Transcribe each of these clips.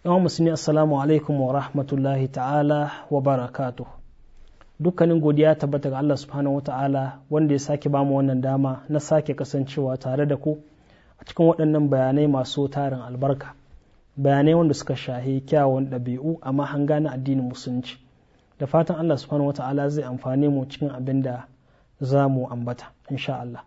yan musulmi assalamu alaikum wa rahmatullahi ta'ala wa barakatu dukkanin godiya tabbata ga Allah subhanahu wa ta'ala wanda ya sake bamu wannan dama na sake kasancewa tare da ku a cikin waɗannan bayanai masu tarin albarka bayanai wanda suka shahi kyawun ɗabi'u a hanga na addinin musulunci da fatan Allah subhanahu wa ta'ala zai amfani mu cikin abin da za mu ambata insha Allah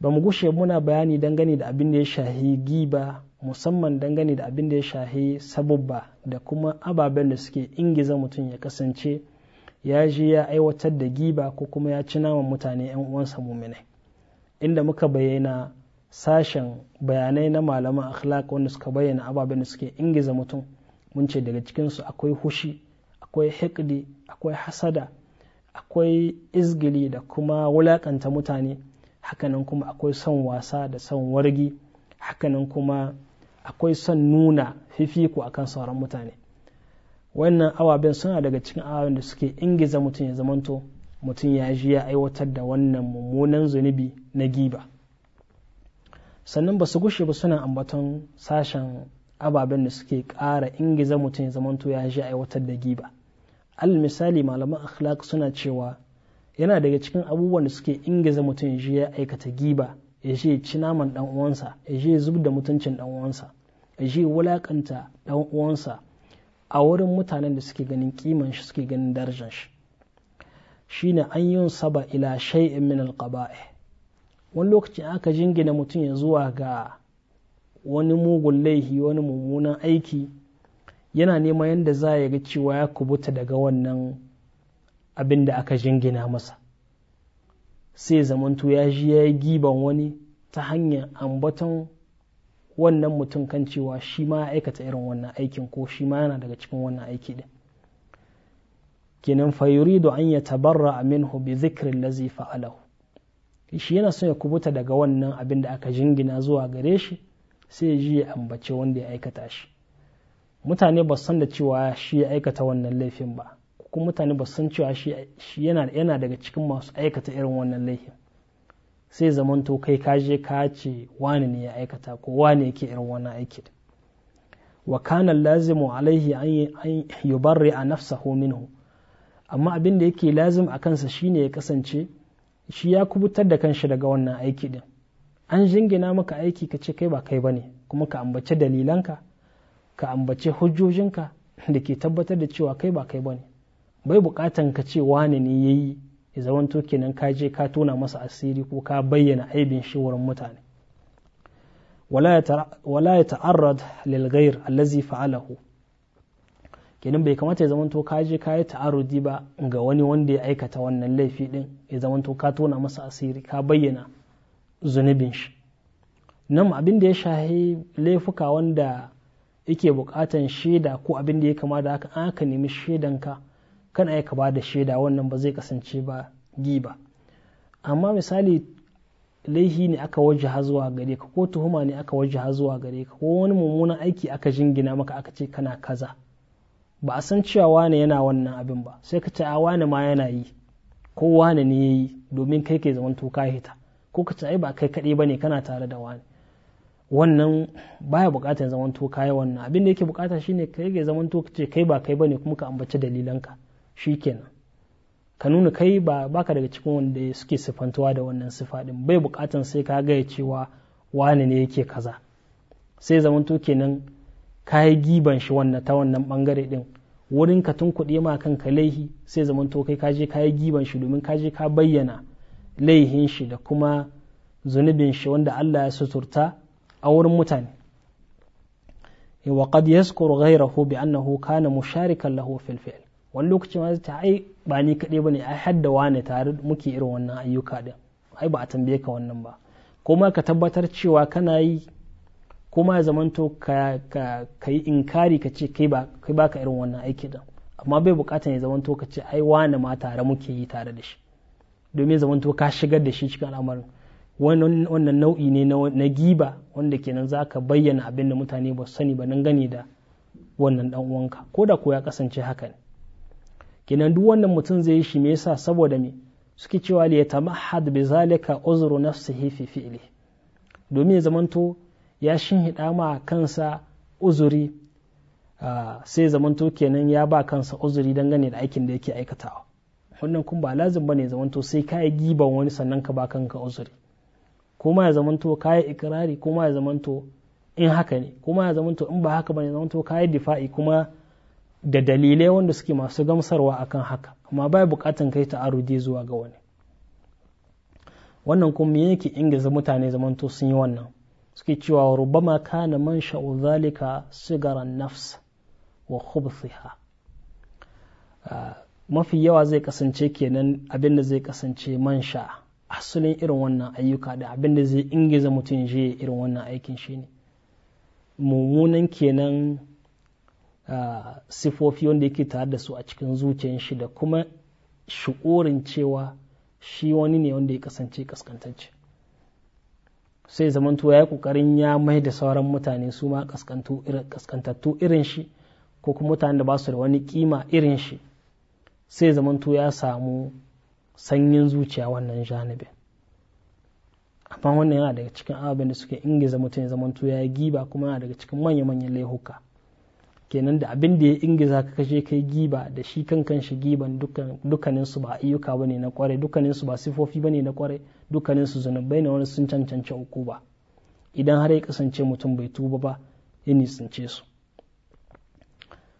ba mu gushe muna bayani dangane da abin da ya shahi giba musamman dangane da abin da ya shahi sabubba da kuma ababen da suke ingiza mutum ya kasance ya ji ya aiwatar da giba ko kuma ya ci naman mutane 'yan uwansa mumine inda muka bayyana sashen bayanai na malaman akhlaq wanda suka bayyana ababen da suke ingiza mutum mun ce daga cikinsu akwai hushi akwai hikdi akwai hasada akwai izgili da kuma wulakanta mutane hakanan kuma akwai son wasa da son wargi hakanan kuma akwai son nuna fifiko a kan sauran mutane wannan awaben suna daga cikin awaben da suke ingiza mutum ya zamanto mutum ya ji ya aiwatar da wannan mummunan zunubi na giba sannan ba su gushe ba suna ambaton sashen ababen da suke ƙara ingiza mutum ya zamanto ya ji aiwatar da giba al misali malaman akhlaq suna cewa yana daga cikin abubuwan da suke ingiza mutum ya ji ya aikata giba ya je ci naman dan uwansa ya je zub da mutuncin dan uwansa ya je wulakanta dan uwansa a wurin mutanen da suke ganin kiman shi suke ganin darajar shi shine an yi saba ila shay'in min alqaba'i wani lokaci aka jingina mutum ya zuwa ga wani mugun laihi wani mummunan aiki yana neman yadda za ya ga cewa ya kubuta daga wannan abin da aka jingina masa sai zamanto ya ji ya yi giban wani ta hanyar ambaton wannan mutum kan cewa shi ma ya aikata irin wannan aikin ko shi ma yana daga cikin wannan aiki din kenan fa yuridu an a minhu bi dhikri allazi fa'alahu shi yana son ya kubuta daga wannan abin da aka jingina zuwa gare shi sai ya ji ya ambace wanda ya aikata shi mutane ba san da cewa shi ya aikata wannan laifin ba kuma mutane ba san cewa shi yana daga cikin masu aikata irin wannan laifin sai zamanto kai ka je ka ce wani ne ya aikata ko wani yake irin wannan aiki wa kana lazimu alaihi an yubarri a nafsahu minhu amma abin da yake lazim a kansa shine ya kasance shi ya kubutar da kanshi daga wannan aiki din an jingina maka aiki ka ce kai ba kai bane kuma ka ambace dalilanka ka ambace hujjojinka da ke tabbatar da cewa kai ba kai bane bai bukatan ka ce wani ne ya yi ya zamanto kenan ka je ka tona masa asiri ko ka bayyana aibin shi wurin mutane wala ya ta'arrad lil ghair allazi fa'alahu kenan bai kamata ya zamanto ka je ka yi ta'arudi ba ga wani wanda ya aikata wannan laifi din ya zamanto ka tona masa asiri ka bayyana zunubin shi nan abin da ya shahi laifuka wanda yake bukatan shaida ko abin da ya kama da an aka nemi shaidanka kana iya ka da shaida wannan ba zai kasance ba giba amma misali laihi ne aka ha zuwa gare ka ko tuhuma ne aka ha zuwa gare ka ko wani mummunan aiki aka jingina maka aka ce kana kaza ba a san cewa wane yana wannan abin ba sai ka ce a wane ma yana yi ko wane ne ya yi domin kai ke zaman to hita ko ka ce ai ba kai kaɗai ba ne kana tare da wane wannan baya buƙatar zaman to kayi wannan abin da yake buƙata shine kai ke zaman to ce kai ba kai ba ne kuma ka ambaci dalilanka shikenan ka nuna kai ba baka daga cikin wanda suke sifantuwa da wannan sifa din bai bukatan sai ka gaya cewa wani ne yake kaza sai to kenan ka yi giban shi wannan ta wannan bangare din wurin ka tun kuɗi kan ka laihi sai zamanto kai ka je ka yi giban shi domin ka je ka bayyana laihin shi da kuma zunubin shi wanda Allah ya suturta a wurin mutane wa qad yaskuru ghayrahu bi annahu kana musharikan lahu fil fi'l wani lokaci ma ta ai ba ni kaɗai ba ne ai hadda wane tare muke irin wannan ayyuka din ai ba a tambaye ka wannan ba kuma ka tabbatar cewa kana yi kuma zamanto ka, ka, ka yi inkari ka ce kai ba ka irin wannan aiki din amma bai bukatar ya zamanto ka ce ai wane ma tare muke yi tare da shi domin zamanto ka shigar da shi cikin al'amarin wannan nau'i ne na giba wanda kenan za ka bayyana abin da mutane ba su sani ba nan gani da wannan dan uwanka ko da ko ya kasance haka ne kenan duk wannan mutum zai yi shi me yasa saboda me suke cewa li yatamahhad bi zalika uzru nafsihi fi fi'li domin ya zamanto ya hida ma kansa uzuri sai zamanto kenan ya ba kansa uzuri dangane da aikin da yake aikatawa wannan kun ba lazim bane zamanto sai ka yi giban wani sannan ka ba kanka uzuri kuma ya zamanto ka yi ikirari kuma ya zamanto in haka ne kuma ya zamanto in ba haka bane zamanto ka yi difa'i kuma da dalilai wanda suke masu gamsarwa akan haka amma bai bukatan kai ta arudi zuwa ga wani wannan kuma yake ingiza mutane zamanto sun yi wannan suke cewa rubama kana man sha'u zalika sigaran nafs wa khubthiha ah, mafi yawa zai kasance kenan abinda zai kasance man sha asalin irin wannan ayyuka da abinda zai ingiza mutum je irin wannan aikin shine mummunan kenan sifofi wanda yake tare da su a cikin zuciyar shi da kuma shi'orin cewa shi wani ne wanda ya kasance kaskantacce sai zamanto ya yi kokarin ya mai da sauran mutane su ma kaskantattu irin shi ko kuma mutanen da ba su da wani kima irin shi sai zamantu ya samu sanyin zuciya wannan janibin amma wannan yana daga cikin abin da suke ingiza mutum ya zamanto ya yi giba kuma yana daga cikin manya-manyan laihuka kenan da abin da ya ingiza ka kashe kai giba da shi kankan shi giban dukkanin su ba ayyuka bane na kware dukkanin su ba sifofi bane na kware dukkanin su zunubai na wani sun cancanci uku ba idan har ya kasance mutum bai tuba ba ya nisance su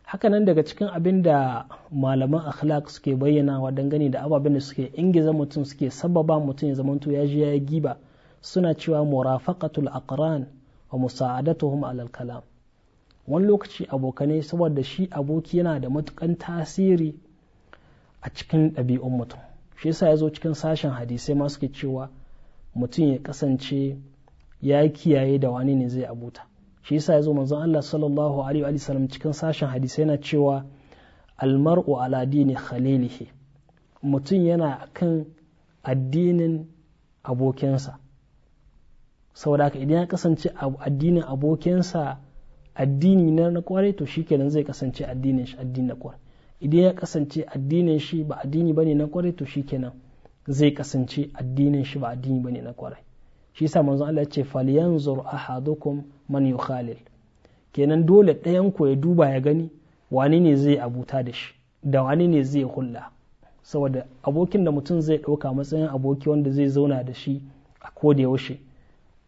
hakanan daga cikin abin da malaman akhlaq suke bayyanawa dangane da ababen da suke ingiza mutum suke sababa mutum ya zamanto ya ji ya giba suna cewa murafaqatul aqran wa musa'adatuhum alal kalam wani lokaci abokanai saboda shi aboki yana da matukan tasiri a cikin ɗabi'un mutum shi yasa ya zo cikin sashen hadisai ma suke cewa mutum ya kasance ya kiyaye da wani ne zai abuta shi yasa ya zo manzon Allah sallallahu alaihi wa sallam cikin sashen hadisai yana cewa almar'u ala dini khalilihi mutum yana kan addinin abokinsa saboda haka idan ya kasance addinin abokinsa addini na na kware to shikenan zai kasance addinin shi addini na kware idan ya kasance addinin shi ba addini bane na kware to shikenan zai kasance addinin shi ba addini bane na kware shi yasa manzon Allah ya ce falyanzur ahadukum man yukhalil kenan dole ɗayan ku ya duba ya gani Wani ne zai abuta da shi da wani ne zai hulla saboda abokin da mutum zai ɗauka matsayin aboki wanda zai zauna da shi a koda yaushe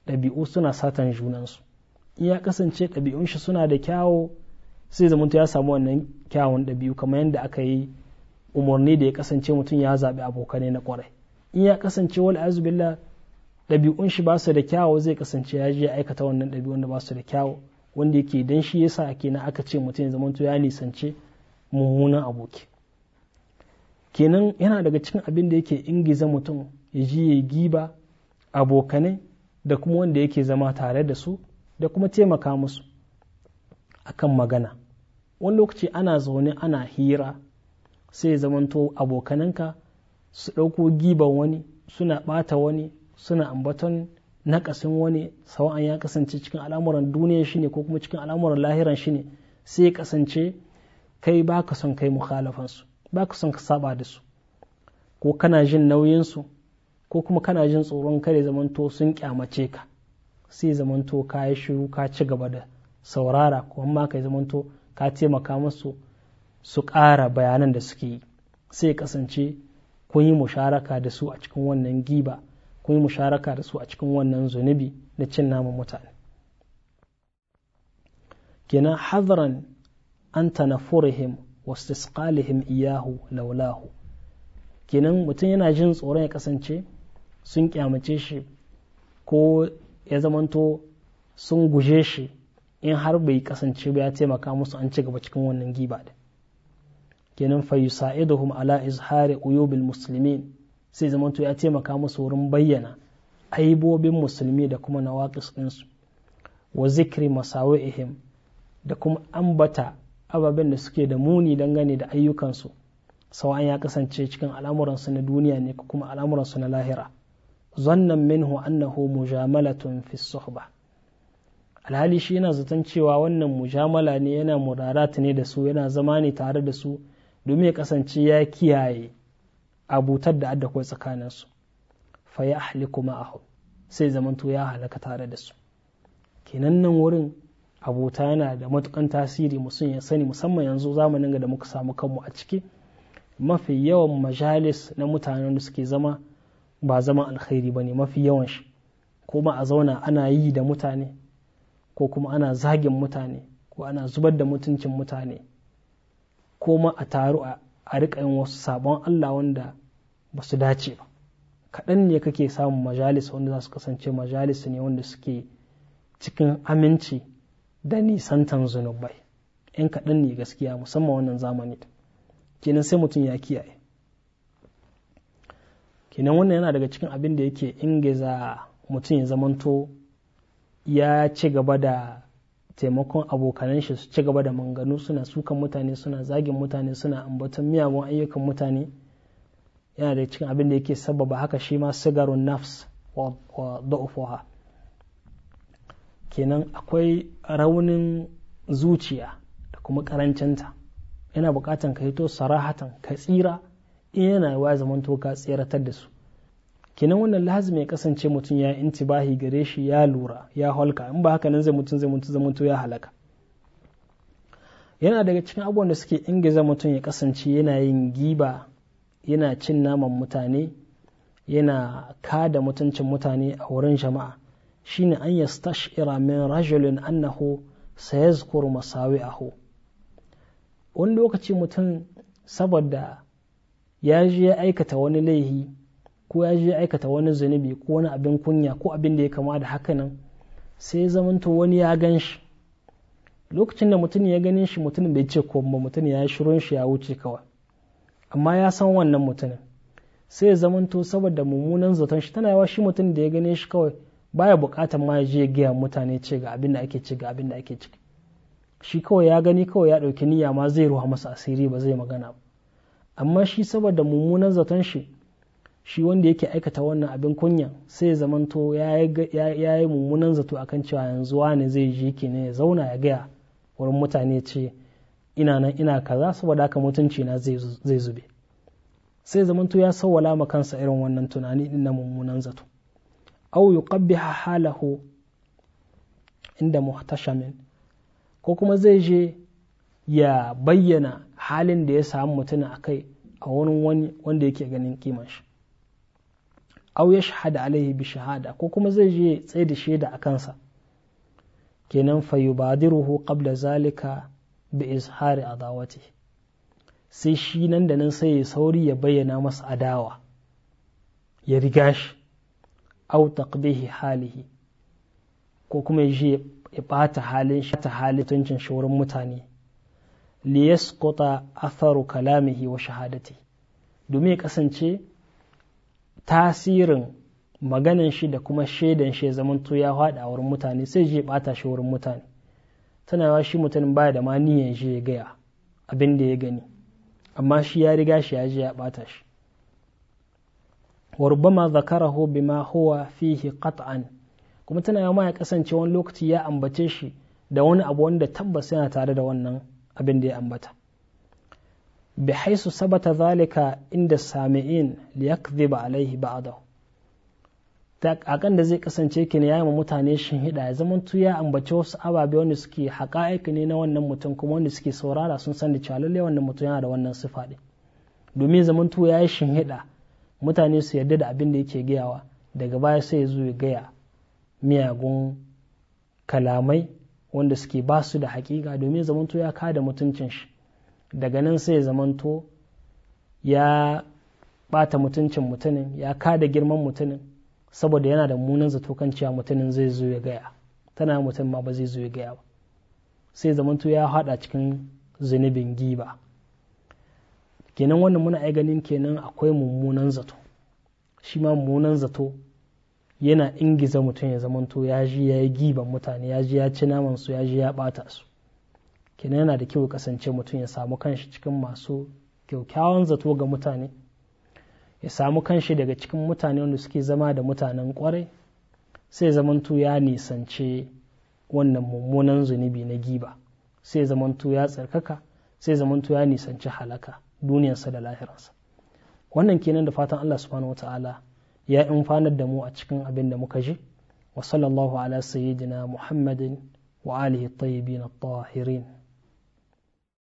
ɗabi'u suna satan junansu ya kasance ɗabi'un suna da kyawo sai zamanto ya samu wannan kyawun ɗabi'u kamar yadda aka yi umarni da ya kasance mutum ya zaɓi abokanai na ƙwarai in ya kasance wal azubillah ɗabi'un shi ba su da kyawo zai kasance ya je aikata wannan ɗabi'un da ba su da kyawo wanda yake dan shi yasa kenan aka ce mutum ya zamanto ya nisance mummunan aboki kenan yana daga cikin abin da yake ingiza mutum ya ji ya giba abokanai da kuma wanda yake zama tare da su da kuma taimaka musu a kan magana wani lokaci ana zaune ana hira sai zamanto abokananka su ɗauko giban wani suna ɓata wani suna ambaton nakasin wani sawa'an ya kasance cikin al'amuran duniya shi ne ko kuma cikin al'amuran lahiran shi ne sai ya kasance kai baka son kai mukhalafansu baka son ka saba da su ko kana jin nauyinsu ko kuma kana jin tsoron kare zamanto sun kyamace ka sai zamanto ka yi shiru ka ci gaba da saurara kuma ma ka zamanto ka taimaka musu su ƙara bayanan da suke yi sai kasance kun yi musharaka da su a cikin wannan giba kun yi musharaka da su a cikin wannan zunubi da cin naman mutane kenan hadaran an tanafurihim wasu isqalihim iyahu laulahu kenan mutum yana jin tsoron ya kasance sun kyamace shi ko ya zamanto sun guje shi in har bai kasance ba ya taimaka musu an ci gaba cikin wannan giba da kenan fa yusaiduhum ala izhari uyubil muslimin sai zamanto ya taimaka musu wurin bayyana aibobin musulmi da kuma nawaqis ɗinsu wa zikri masawi'ihim da kuma ambata ababen da suke da muni dangane da ayyukansu sau an ya kasance cikin al'amuransu na duniya ne ko kuma al'amuransu na lahira zannan minhu annahu mujamalatun fi suhba alhali shi yana zaton cewa wannan mujamala ne yana murarat ne da su yana zama ne tare da su domin ya kasance ya kiyaye abutar da adda tsakanin su fa ya ahliku ma'ahu sai zamanto ya halaka tare da su kenan nan wurin abota yana da matukan tasiri musun ya sani musamman yanzu zamanin da muka samu kanmu a ciki mafi yawan majalis na mutanen da suke zama ba zaman alkhairi ba ne mafi yawan shi kuma a zauna ana yi da mutane ko kuma ana zagin mutane ko ana zubar da mutuncin mutane ko ma a taru a riƙa yin wasu sabon Allah wanda ba su dace ba kaɗan ne kake samun majalis wanda za su kasance majalis ne wanda suke cikin aminci da nisantan zunubai 'yan kaɗan ne gaskiya musamman wannan zamani kenan sai mutum ya kiyaye kenan wannan yana daga cikin abin da yake ingiza mutum ya zamanto ya ci gaba da taimakon abokanan shi su ci gaba da manganu suna sukan mutane suna zagin mutane suna ambaton miyagun ayyukan mutane yana da cikin abin da yake sababa haka shi ma sigarun nafs wa da'ufuwa kenan akwai raunin zuciya da kuma karancinta yana bukatan ka hito sarahatan ka tsira yana wa zamanto ka tseratar da su kenan wannan lazumi ya kasance mutum ya intibahi gare shi ya lura ya halka in ba haka nan zai mutum zai mutum zamanto ya halaka yana daga cikin abubuwan da suke ingiza mutum ya kasance yana yin giba yana cin naman mutane yana kada mutuncin mutane a wurin jama'a shine an yastashira min rajulin annahu sayazkuru masawi'ahu wani lokaci mutum saboda ya je ya aikata wani laihi ko ya je ya aikata wani zunubi ko wani abin kunya ko abin da ya kama da haka nan sai ya zamanto wani ya gan shi lokacin da mutum ya ganin shi mutum bai ce ko ba mutum ya yi shi ya wuce kawai amma ya san wannan mutumin sai ya zamanto saboda mummunan zaton shi tana yawa shi mutum da ya gane shi kawai baya bukatar ma ya je ya gaya mutane ce ga abin da ake ci ga abin da ake ciki shi kawai ya gani kawai ya ɗauki niyya ma zai ruwa masa asiri ba zai magana ba amma shi saboda mummunan zaton shi shi wanda yake aikata wannan abin kunya sai zamanto ya yi mummunan zato akan cewa yanzu wani zai ji ki ne ya zauna ya gaya wurin mutane ce ina nan ina kaza saboda haka mutunci na zai zube sai zamanto ya sawwala ma kansa irin wannan tunani din na mummunan zato au yuqabbiha halahu inda muhtashamin ko kuma zai je ya bayyana halin da ya samu mutum a kai a wani wani wanda yake ganin kiman shi au ya shahada alaihi bi shahada ko kuma zai je tsaye da shaida a kansa kenan fa yubadiruhu qabla zalika bi izhari adawati sai shi nan da nan sai ya sauri ya bayyana masa adawa ya riga shi au taqbihi halihi ko kuma ya je ya bata halin shi ta halin tuncin shi mutane liyaskuta atharu kalamihi wa shahadati domin ya kasance tasirin maganan shi da kuma shaidan shi zamanto ya hada a wurin mutane sai je bata shi wurin mutane tana yawa shi mutumin baya da ma niyan shi ya gaya abin da ya gani amma shi ya riga shi ya je ya bata shi zakara rubbama zakarahu bima huwa fihi qat'an kuma tana yawa ma ya kasance wani lokaci ya ambace shi da wani abu wanda tabbas yana tare da wannan abin da ya ambata bi haisu sabata zalika inda sami'in li ba alaihi ba'dahu ta akan da zai kasance ki ne ma mutane shin hida ya zama tu ya ambaci wasu ababe wanda suke aiki ne na wannan mutum kuma wanda suke saurara sun san da cewa wannan mutum yana da wannan sifa ɗin domin zaman tu ya yi shin hida mutane su yarda da abin da yake gayawa daga baya sai ya zo ya gaya miyagun kalamai wanda suke ba su da hakika domin zamanto ya kada mutuncin shi daga nan sai zamanto ya bata mutuncin mutumin ya kada girman mutumin saboda yana da munin zato kan cewa mutumin zai zo ya gaya tana mutum ma ba zai zo ya gaya ba sai zamanto ya hada cikin zunubin giba kenan wannan muna ai ganin kenan akwai mummunan zato shi ma mummunan zato yana ingiza mutum ya zamanto ya ji ya yi giban mutane ya ji ya ci naman su ya ji ya bata su kenan yana da kyau kasance mutum ya samu kanshi cikin masu kyaukyawan zato ga mutane ya samu kanshi daga cikin mutane wanda suke zama da mutanen kwarai sai zamanto ya nisance wannan mummunan zunubi na giba sai zamanto ya tsarkaka sai zamanto ya nisance halaka duniyarsa da lahirarsa. wannan kenan da fatan Allah subhanahu wata'ala ya amfanar da mu a cikin abin da muka ji wa sallallahu ala sayyidina muhammadin wa alihi tayyibin at-tahirin